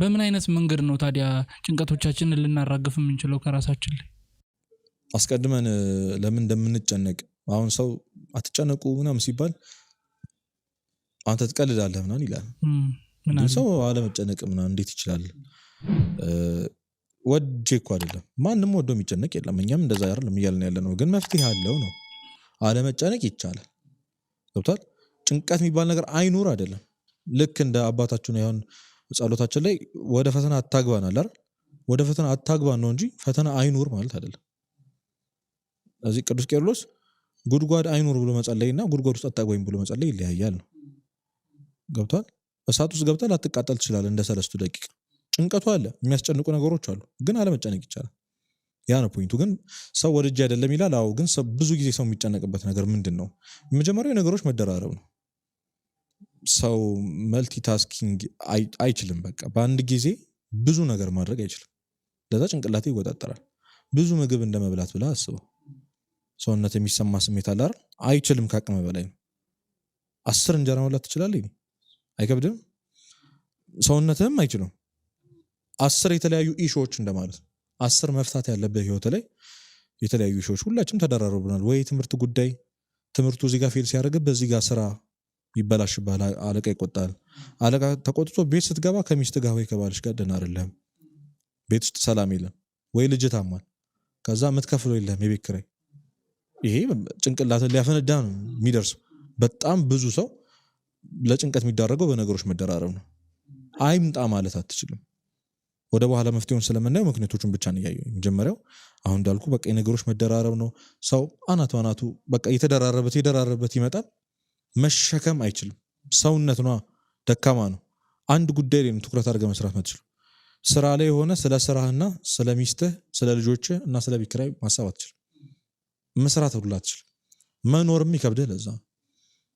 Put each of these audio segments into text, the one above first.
በምን አይነት መንገድ ነው ታዲያ ጭንቀቶቻችንን ልናራግፍ የምንችለው ከራሳችን ላይ? አስቀድመን ለምን እንደምንጨነቅ አሁን ሰው አትጨነቁ ምናምን ሲባል አንተ ትቀልዳለህ ምናን ይላል። ሰው አለመጨነቅ ምና እንዴት ይችላል? ወጄ እኮ አይደለም ማንም ወዶ የሚጨነቅ የለም። እኛም እንደዛ አይደለም እያልን ያለ ነው። ግን መፍትሄ አለው ነው አለመጨነቅ ይቻላል። ገብቷል። ጭንቀት የሚባል ነገር አይኑር አይደለም ልክ እንደ አባታችን ይሆን ጸሎታችን ላይ ወደ ፈተና አታግባን አለ ወደ ፈተና አታግባን ነው እንጂ ፈተና አይኑር ማለት አይደለም። እዚህ ቅዱስ ቄርሎስ ጉድጓድ አይኑር ብሎ መጸለይ እና ጉድጓድ ውስጥ አታግባኝ ብሎ መጸለይ ይለያያል ነው። ገብቷል። እሳት ውስጥ ገብታ ላትቃጠል ትችላለ እንደ ሰለስቱ ደቂቅ ጭንቀቱ አለ፣ የሚያስጨንቁ ነገሮች አሉ፣ ግን አለመጨነቅ ይቻላል። ያ ነው ፖይንቱ። ግን ሰው ወደ እጅ አይደለም ይላል። አዎ፣ ግን ብዙ ጊዜ ሰው የሚጨነቅበት ነገር ምንድን ነው? መጀመሪያው ነገሮች መደራረብ ነው። ሰው መልቲታስኪንግ አይችልም። በቃ በአንድ ጊዜ ብዙ ነገር ማድረግ አይችልም። ለዛ ጭንቅላቴ ይወጣጠራል። ብዙ ምግብ እንደ መብላት ብላ አስበው። ሰውነት የሚሰማ ስሜት አለ አይደል? አይችልም፣ ከአቅመ በላይ ነው። አስር እንጀራ መብላት ትችላለህ? አይከብድም። ሰውነትህም አይችልም። አስር የተለያዩ ኢሾዎች እንደማለት ነው። አስር መፍታት ያለብህ ህይወት ላይ የተለያዩ ኢሾዎች ሁላችንም ተደራርበናል። ወይ ትምህርት ጉዳይ ትምህርቱ እዚህ ጋር ፌል ሲያደርግህ ጋር ስራ ይበላሽባል፣ አለቃ ይቆጣል። አለቃ ተቆጥቶ ቤት ስትገባ ከሚስት ጋር ወይ ከባልሽ ጋር ደህና አይደለም። ቤት ውስጥ ሰላም የለም ወይ ልጅ ታሟል። ከዛ የምትከፍለው የለም የቤት ኪራይ። ይሄ ጭንቅላትን ሊያፈነዳ ነው የሚደርሰው። በጣም ብዙ ሰው ለጭንቀት የሚዳረገው በነገሮች መደራረብ ነው። አይምጣ ማለት አትችልም። ወደ በኋላ መፍትሄውን ስለምናየው ምክንያቶቹን ብቻ ነው ያየው። መጀመሪያው አሁን እንዳልኩ በቃ የነገሮች መደራረብ ነው። ሰው አናቱ አናቱ በቃ የተደራረበት የደራረበት ይመጣል። መሸከም አይችልም። ሰውነት ነ ደካማ ነው። አንድ ጉዳይ ላይ ነው ትኩረት አድርገ መስራት አትችልም። ስራ ላይ የሆነ ስለ ስራህና ስለ ሚስትህ፣ ስለ ልጆች እና ስለ ቢክራይ ማሰብ አትችል። መስራት ሁላ አትችል። መኖርም ይከብድህ። ለዛ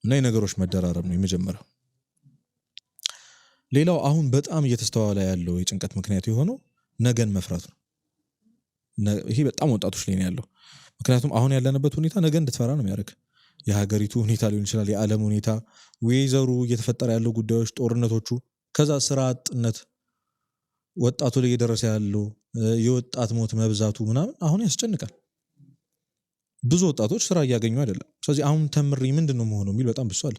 እና የነገሮች መደራረብ ነው የመጀመሪያው። ሌላው አሁን በጣም እየተስተዋለ ያለው የጭንቀት ምክንያት የሆነው ነገን መፍራት ነው። ይሄ በጣም ወጣቶች ላይ ነው ያለው። ምክንያቱም አሁን ያለንበት ሁኔታ ነገ እንድትፈራ ነው የሚያደርግ የሀገሪቱ ሁኔታ ሊሆን ይችላል፣ የዓለም ሁኔታ፣ ወይዘሩ እየተፈጠረ ያለው ጉዳዮች፣ ጦርነቶቹ፣ ከዛ ስራ አጥነት ወጣቱ ላይ እየደረሰ ያለው የወጣት ሞት መብዛቱ ምናምን አሁን ያስጨንቃል። ብዙ ወጣቶች ስራ እያገኙ አይደለም። ስለዚህ አሁን ተምሪ ምንድን ነው መሆነው የሚል በጣም ብሷል።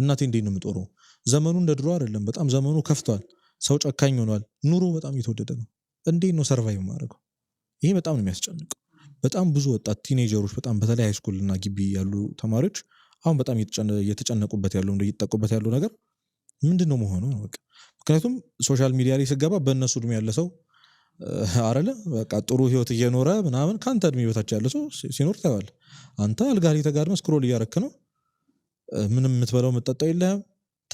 እናቴ እንዴት ነው የምጦረው? ዘመኑ እንደ ድሮ አይደለም። በጣም ዘመኑ ከፍቷል። ሰው ጨካኝ ሆኗል። ኑሮ በጣም እየተወደደ ነው። እንዴት ነው ሰርቫይቭ ማድረገው? ይሄ በጣም ነው የሚያስጨንቀው። በጣም ብዙ ወጣት ቲኔጀሮች በጣም በተለይ ሃይስኩል እና ግቢ ያሉ ተማሪዎች አሁን በጣም እየተጨነቁበት ያለው እንደ እየተጠቁበት ያለው ነገር ምንድን ነው መሆኑ ምክንያቱም ሶሻል ሚዲያ ላይ ስገባ በእነሱ እድሜ ያለ ሰው አረለ በቃ ጥሩ ህይወት እየኖረ ምናምን ከአንተ እድሜ በታች ያለ ሰው ሲኖር ታያለህ። አንተ አልጋሪ ተጋድመ ስክሮል እያረክ ነው። ምንም የምትበለው የምትጠጣው የለም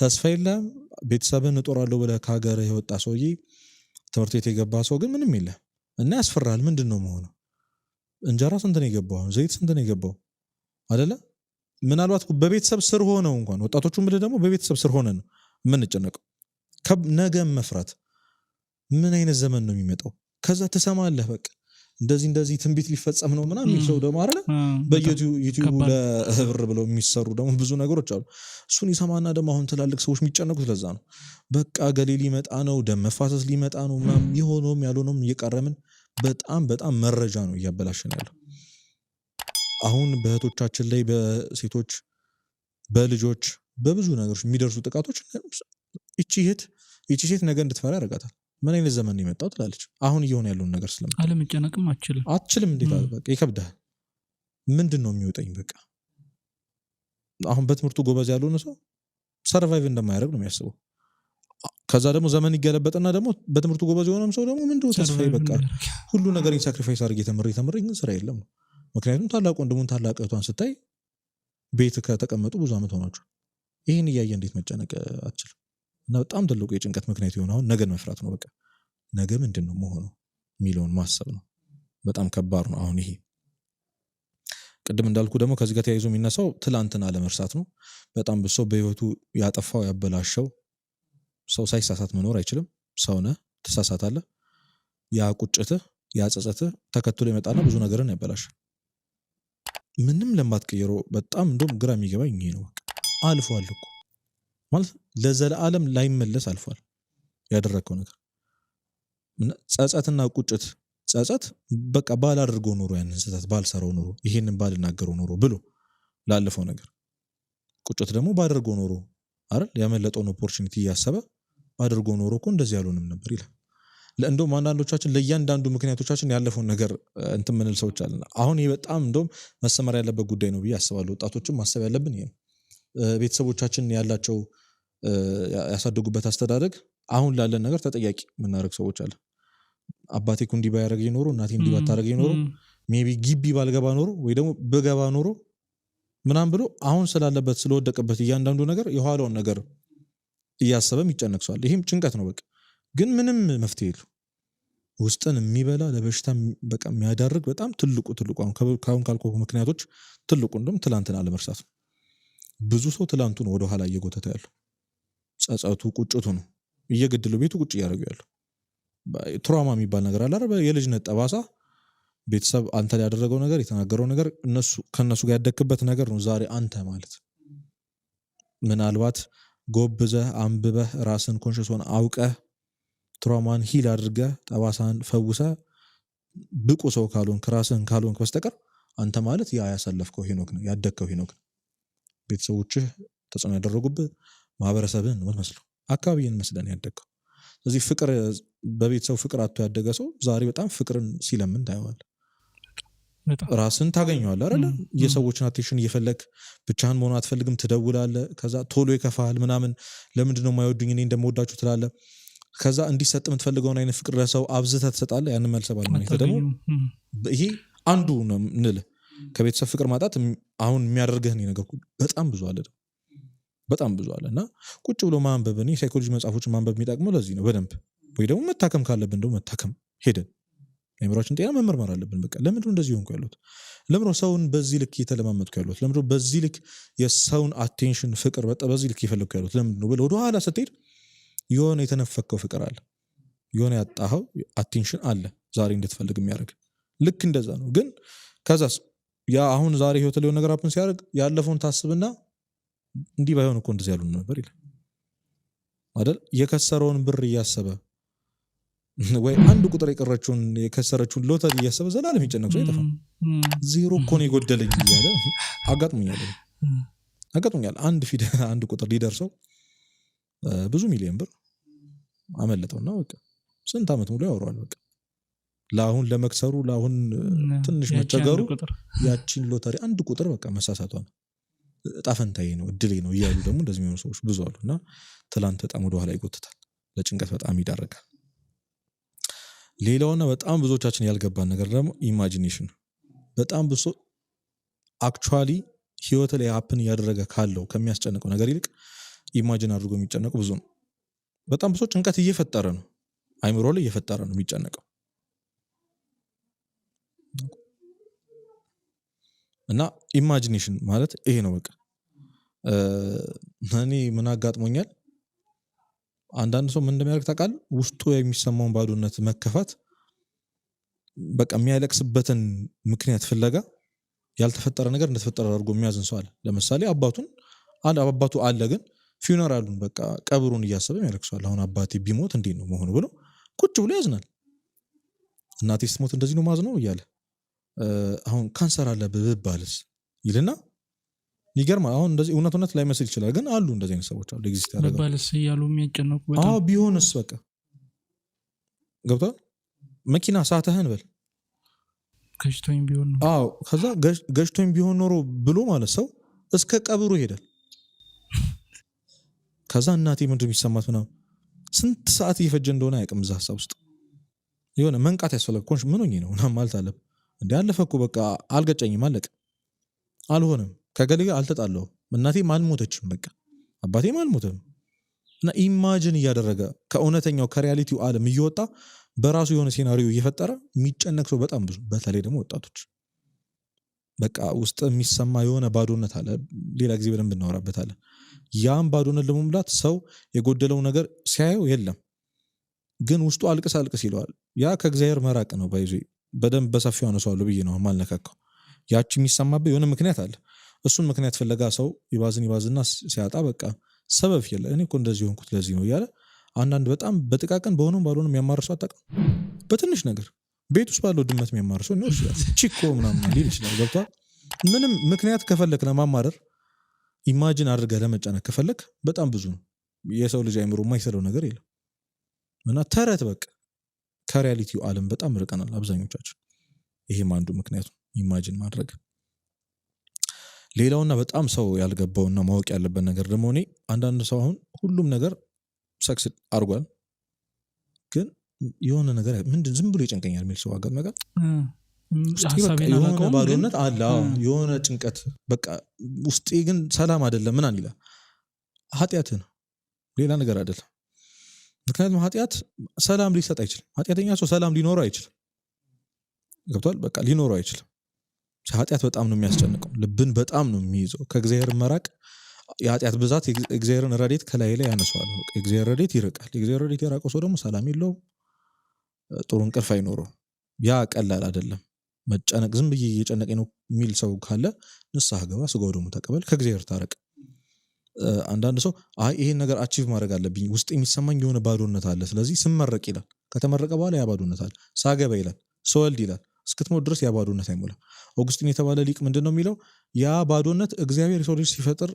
ተስፋ የለም ቤተሰብን እጦራለሁ ብለ ከሀገር የወጣ ሰውዬ ትምህርት ቤት የገባ ሰው ግን ምንም የለም? እና ያስፈራል። ምንድን ነው መሆነው እንጀራ ስንት ነው የገባው? ዘይት ስንት ነው የገባው? አደለ? ምናልባት በቤተሰብ ስር ሆነው እንኳን ወጣቶቹ ምድ ደግሞ በቤተሰብ ስር ሆነ ነው የምንጨነቀው። ነገ መፍራት ምን አይነት ዘመን ነው የሚመጣው? ከዛ ትሰማለህ በቃ እንደዚህ እንደዚህ ትንቢት ሊፈጸም ነው ምናምን የሚል ሰው ደግሞ አለ። በዩቲዩብ ለህብር ብለው የሚሰሩ ደግሞ ብዙ ነገሮች አሉ። እሱን ይሰማና ደግሞ አሁን ትላልቅ ሰዎች የሚጨነቁት ለዛ ነው። በቃ ገሌ ሊመጣ ነው፣ ደም መፋሰስ ሊመጣ ነው፣ የሆነውም ያልሆነውም እየቀረምን በጣም በጣም መረጃ ነው እያበላሸን ያለው። አሁን በእህቶቻችን ላይ በሴቶች በልጆች በብዙ ነገሮች የሚደርሱ ጥቃቶች እቺ ሴት እቺ ሴት ነገ እንድትፈራ ያደርጋታል። ምን አይነት ዘመን ነው የመጣው ትላለች። አሁን እየሆነ ያለውን ነገር ስለም አለመጨነቅም አችልም አችልም እንዴት በቃ ይከብዳል። ምንድን ነው የሚወጠኝ? በቃ አሁን በትምህርቱ ጎበዝ ያልሆነ ሰው ሰርቫይቭ እንደማያደርግ ነው የሚያስበው። ከዛ ደግሞ ዘመን ይገለበጥና ደግሞ በትምህርቱ ጎበዝ የሆነም ሰው ደግሞ ምንድ ተስፋ ይበቃል። ሁሉ ነገር ሳክሪፋይስ አድርጌ ተምሬ ተምሬ ግን ስራ የለም ነው። ምክንያቱም ታላቅ ወንድሙን ታላቅ እህቷን ስታይ ቤት ከተቀመጡ ብዙ ዓመት ሆናቸው ይህን እያየ እንዴት መጨነቅ አትችልም? እና በጣም ትልቁ የጭንቀት ምክንያት የሆነ አሁን ነገን መፍራት ነው። በቃ ነገ ምንድን ነው መሆኑ የሚለውን ማሰብ ነው። በጣም ከባድ ነው። አሁን ይሄ ቅድም እንዳልኩ ደግሞ ከዚህ ጋር ተያይዞ የሚነሳው ትላንትን አለመርሳት ነው። በጣም ብሶ በህይወቱ ያጠፋው ያበላሸው ሰው ሳይሳሳት መኖር አይችልም። ሰውነ ትሳሳታለህ። ያ ቁጭትህ፣ ያ ጸጸትህ ተከትሎ ይመጣና ብዙ ነገርን ያበላሻል። ምንም ለማትቀየሮ በጣም እንደውም ግራ የሚገባኝ ይሄ ነው። አልፏል እኮ ማለት ለዘለዓለም ላይመለስ አልፏል ያደረግከው ነገር። ጸጸትና ቁጭት ጸጸት በቃ ባላደርገው ኖሮ ያንን ጸጸት ባልሰራው ኑሮ ይሄንን ባልናገረው ኑሮ ብሎ ላለፈው ነገር ቁጭት ደግሞ ባደርገው ኖሮ አይደል ያመለጠውን ኦፖርቹኒቲ እያሰበ አድርጎ ኖሮ እኮ እንደዚህ ያሉንም ነበር ይላል። እንደውም አንዳንዶቻችን ለእያንዳንዱ ምክንያቶቻችን ያለፈውን ነገር እንትን ምንል ሰዎች አለ። አሁን ይህ በጣም እንደውም መሰመር ያለበት ጉዳይ ነው ብዬ አስባለሁ። ወጣቶችም ማሰብ ያለብን ይሄ ቤተሰቦቻችን ያላቸው ያሳደጉበት አስተዳደግ አሁን ላለን ነገር ተጠያቂ የምናደርግ ሰዎች አለ። አባቴ እኮ እንዲህ ባያደርግ ኖሮ፣ እናቴ እንዲህ ባታደርግ ኖሮ፣ ሜይ ቢ ግቢ ባልገባ ኖሮ ወይ ደግሞ ብገባ ኖሮ ምናምን ብሎ አሁን ስላለበት ስለወደቀበት እያንዳንዱ ነገር የኋላውን ነገር እያሰበ የሚጨነቅ ሰዋል። ይህም ጭንቀት ነው። በቃ ግን ምንም መፍትሄ የለው። ውስጥን የሚበላ ለበሽታ በቃ የሚያዳርግ በጣም ትልቁ ትልቁ ካሁን ካልኮ ምክንያቶች ትልቁ እንደም ትላንትን አለመርሳት ነው። ብዙ ሰው ትላንቱን ወደኋላ እየጎተተ ያለው ጸጸቱ፣ ቁጭቱ ነው እየገድሉ ቤቱ ቁጭ እያደረጉ ያለሁ ትራውማ የሚባል ነገር አለ። የልጅነት ጠባሳ ቤተሰብ አንተ ላይ ያደረገው ነገር የተናገረው ነገር እነሱ ከእነሱ ጋር ያደግክበት ነገር ነው ዛሬ አንተ ማለት ምናልባት ጎብዘህ አንብበህ ራስን ኮንሽሶን አውቀህ ትራማን ሂል አድርገህ ጠባሳን ፈውሰህ ብቁ ሰው ካልሆንክ ራስህን ካልሆንክ በስተቀር አንተ ማለት ያ ያሳለፍከው ሄኖክ ነው ያደግከው ሄኖክ ነው ቤተሰቦችህ ተጽዕኖ ያደረጉብህ ማህበረሰብህን ነው መስለው አካባቢን መስለን ያደግከው ስለዚህ ፍቅር በቤተሰብ ፍቅር አቶ ያደገ ሰው ዛሬ በጣም ፍቅርን ሲለምን ታየዋል ራስን ታገኘዋል አይደለ? የሰዎችን አቴንሽን እየፈለግ ብቻህን መሆን አትፈልግም። ትደውላለ ከዛ ቶሎ ይከፋል ምናምን። ለምንድ ነው የማይወዱኝ እኔ እንደመወዳችሁ ትላለ ከዛ እንዲሰጥ የምትፈልገውን አይነት ፍቅር ለሰው አብዝተህ ትሰጣለ ያን መልሰባል ደግሞ ይሄ አንዱ ንል ከቤተሰብ ፍቅር ማጣት አሁን የሚያደርገህን ነገር በጣም ብዙ አለ በጣም ብዙ አለ እና ቁጭ ብሎ ማንበብ እኔ ሳይኮሎጂ መጽሐፎች ማንበብ የሚጠቅመው ለዚህ ነው በደንብ ወይ ደግሞ መታከም ካለብን ደግሞ መታከም ሄደን የአእምሯችን ጤና መመርመር አለብን። በቃ ለምንድነው እንደዚህ ሆንኩ ያሉት? ለምንድነው ሰውን በዚህ ልክ እየተለማመጥኩ ያሉት? ለምንድነው በዚህ ልክ የሰውን አቴንሽን ፍቅር በዚህ ልክ እየፈለግኩ ያሉት? ነው ብለህ ወደኋላ ስትሄድ የሆነ የተነፈከው ፍቅር አለ፣ የሆነ ያጣኸው አቴንሽን አለ ዛሬ እንድትፈልግ የሚያደርግ ልክ እንደዛ ነው። ግን ከዛስ ያ አሁን ዛሬ ህይወት ሊሆን ነገር አፕን ሲያደርግ ያለፈውን ታስብና እንዲህ ባይሆን እኮ እንደዚህ ያሉን ነበር ይላል አይደል? የከሰረውን ብር እያሰበ ወይ አንድ ቁጥር የቀረችውን የከሰረችውን ሎተሪ እያሰበ ዘላለም ይጨነቅ ሰው ይጠፋ። ዜሮ እኮ ነው የጎደለኝ እያለ አጋጥሞኛል አጋጥሞኛል። አንድ ፊደ አንድ ቁጥር ሊደርሰው ብዙ ሚሊዮን ብር አመለጠውና በቃ ስንት ዓመት ሙሉ ያወረዋል። በቃ ለአሁን ለመክሰሩ ለአሁን ትንሽ መቸገሩ ያቺን ሎተሪ አንድ ቁጥር በቃ መሳሳቷ ነው ጣፈንታዬ ነው እድሌ ነው እያሉ ደግሞ እንደዚህ የሚሆኑ ሰዎች ብዙ አሉ እና ትላንት በጣም ወደኋላ ይጎትታል፣ ለጭንቀት በጣም ይዳረጋል። ሌላውና በጣም ብዙዎቻችን ያልገባን ነገር ደግሞ ኢማጂኔሽን። በጣም ብሶ አክቹዋሊ ህይወት ላይ ሀፕን እያደረገ ካለው ከሚያስጨንቀው ነገር ይልቅ ኢማጂን አድርጎ የሚጨነቁ ብዙ ነው። በጣም ብሶ ጭንቀት እየፈጠረ ነው፣ አይምሮ ላይ እየፈጠረ ነው የሚጨነቀው እና ኢማጂኔሽን ማለት ይሄ ነው። በቃ እኔ ምን አጋጥሞኛል አንዳንድ ሰው ምን እንደሚያደርግ ታውቃል? ውስጡ የሚሰማውን ባዶነት፣ መከፋት በቃ የሚያለቅስበትን ምክንያት ፍለጋ ያልተፈጠረ ነገር እንደተፈጠረ አድርጎ የሚያዝን ሰው አለ። ለምሳሌ አባቱን አባቱ አለ ግን ፊውነራሉን በቃ ቀብሩን እያሰበ ያለቅሰዋል። አሁን አባቴ ቢሞት እንዴት ነው መሆኑ ብሎ ቁጭ ብሎ ያዝናል። እናቴ ስትሞት እንደዚህ ነው ማዝነው እያለ አሁን ካንሰር አለብህ ብባልስ ይልና ይገርማል አሁን እንደዚህ እውነት እውነት ላይ መስል ይችላል፣ ግን አሉ እንደዚህ አይነት ሰዎች አሉ። ኤግዚስት ያደባልስ እያሉ የሚያጨነቁ አዎ። ቢሆንስ በቃ ገብቷል። መኪና ሳተህን በል ገጭቶኝ ቢሆን ነው አዎ። ከዛ ገጭቶኝ ቢሆን ኖሮ ብሎ ማለት ሰው እስከ ቀብሩ ይሄዳል። ከዛ እናቴ ምንድን የሚሰማት ምናምን ስንት ሰዓት እየፈጀ እንደሆነ አያውቅም። እዛ ሀሳብ ውስጥ የሆነ መንቃት ያስፈለግ ኮንሽ ምን ነው ምናምን ማለት አለብህ። እንዲ አለፈ በቃ አልገጨኝም፣ አለቅ አልሆነም ከገሌ ጋር እናቴ ማልሞተችም፣ በቃ አባቴ አልሞተም። እና ኢማጅን እያደረገ ከእውነተኛው ከሪያሊቲው ዓለም እየወጣ በራሱ የሆነ ሴናሪዮ እየፈጠረ የሚጨነቅ ሰው በጣም ብዙ፣ በተለይ ደግሞ ወጣቶች። በቃ ውስጥ የሚሰማ የሆነ ባዶነት አለ። ሌላ ጊዜ በደንብ እናወራበታለን። ያም ባዶነት ለመሙላት ሰው የጎደለው ነገር ሲያየው የለም ግን ውስጡ አልቅስ አልቅስ ይለዋል። ያ ከእግዚአብሔር መራቅ ነው። ባይዞ በደንብ በሰፊው አነሳዋለሁ ብዬ ነው ማልነካካው። ያቺ የሚሰማበት የሆነ ምክንያት አለ። እሱን ምክንያት ፍለጋ ሰው ይባዝን ይባዝና ሲያጣ በቃ ሰበብ የለ እኔ እኮ እንደዚህ ሆንኩት ለዚህ ነው እያለ አንዳንድ በጣም በጥቃቅን በሆነም ባልሆነ የሚያማርሰው አታውቅም። በትንሽ ነገር ቤት ውስጥ ባለው ድመት የሚያማርሰው ሊኖር ቺኮ ምናምን ሊል ይችላል። ገብቷል። ምንም ምክንያት ከፈለክ ለማማረር ኢማጂን አድርገ ለመጫነቅ ከፈለክ በጣም ብዙ ነው። የሰው ልጅ አይምሮ የማይሰለው ነገር የለም እና ተረት በቃ ከሪያሊቲው አለም በጣም ርቀናል አብዛኞቻችን። ይሄም አንዱ ምክንያቱ ኢማጂን ማድረግ ሌላውና በጣም ሰው ያልገባውና ማወቅ ያለበት ነገር ደግሞ እኔ አንዳንድ ሰው አሁን ሁሉም ነገር ሰክስ አድርጓል፣ ግን የሆነ ነገር ምንድን ዝም ብሎ ይጨንቀኛል የሚል ሰው አጋጥሞ ነገር የሆነ ባዶነት አለ፣ የሆነ ጭንቀት በቃ ውስጤ ግን ሰላም አይደለም ምናን ይላል። ኃጢአትህ ነው ሌላ ነገር አይደለም። ምክንያቱም ኃጢአት ሰላም ሊሰጥ አይችልም። ኃጢአተኛ ሰው ሰላም ሊኖረው አይችልም። ገብቷል? በቃ ሊኖረው አይችልም። ኃጢአት በጣም ነው የሚያስጨንቀው፣ ልብን በጣም ነው የሚይዘው። ከእግዚአብሔር መራቅ የኃጢአት ብዛት እግዚአብሔርን ረዴት ከላይ ላይ ያነሷል። እግዚአብሔር ረዴት ይርቃል። እግዚአብሔር ረዴት የራቀው ሰው ደግሞ ሰላም የለውም፣ ጥሩ እንቅልፍ አይኖረው። ያ ቀላል አይደለም። መጨነቅ ዝም ብዬ እየጨነቀኝ ነው የሚል ሰው ካለ ንስሐ ገባ፣ ስጋው ደግሞ ተቀበል፣ ከእግዚአብሔር ታረቅ። አንዳንድ ሰው ይሄን ነገር አቺቭ ማድረግ አለብኝ፣ ውስጥ የሚሰማኝ የሆነ ባዶነት አለ፣ ስለዚህ ስመረቅ ይላል። ከተመረቀ በኋላ ያ ባዶነት አለ። ሳገባ ይላል፣ ሰወልድ ይላል እስክትሞት ድረስ ያ ባዶነት አይሞላም። ኦግስጢን የተባለ ሊቅ ምንድን ነው የሚለው? ያ ባዶነት እግዚአብሔር የሰው ልጅ ሲፈጥር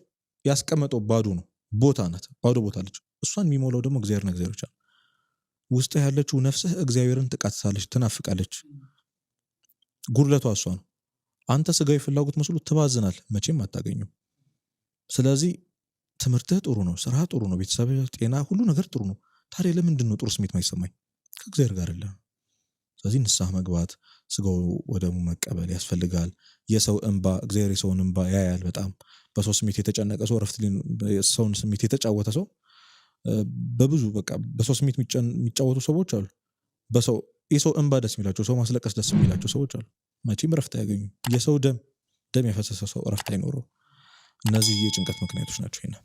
ያስቀመጠው ባዶ ነው ቦታ ናት፣ ባዶ ቦታ አለች። እሷን የሚሞላው ደግሞ እግዚአብሔርን እግዚአብሔር ብቻ ውስጥ ያለችው ነፍስህ እግዚአብሔርን ትቃትታለች፣ ትናፍቃለች። ጉድለቷ እሷ ነው። አንተ ስጋዊ ፍላጎት መስሎ ትባዝናል፣ መቼም አታገኙም። ስለዚህ ትምህርትህ ጥሩ ነው፣ ስራ ጥሩ ነው፣ ቤተሰብ፣ ጤና፣ ሁሉ ነገር ጥሩ ነው። ታዲያ ለምንድን ነው ጥሩ ስሜት ማይሰማኝ? ከእግዚአብሔር ጋር አይደለም ስለዚህ ንስሐ መግባት ስጋው ወደሙ መቀበል ያስፈልጋል። የሰው እንባ እግዚአብሔር የሰውን እንባ ያያል። በጣም በሰው ስሜት የተጨነቀ ሰው እረፍት ሰውን ስሜት የተጫወተ ሰው በብዙ በቃ በሰው ስሜት የሚጫወቱ ሰዎች አሉ። በሰው የሰው እንባ ደስ የሚላቸው ሰው ማስለቀስ ደስ የሚላቸው ሰዎች አሉ። መቼም እረፍት አያገኙ። የሰው ደም ደም የፈሰሰ ሰው እረፍት አይኖረው። እነዚህ የጭንቀት ምክንያቶች ናቸው።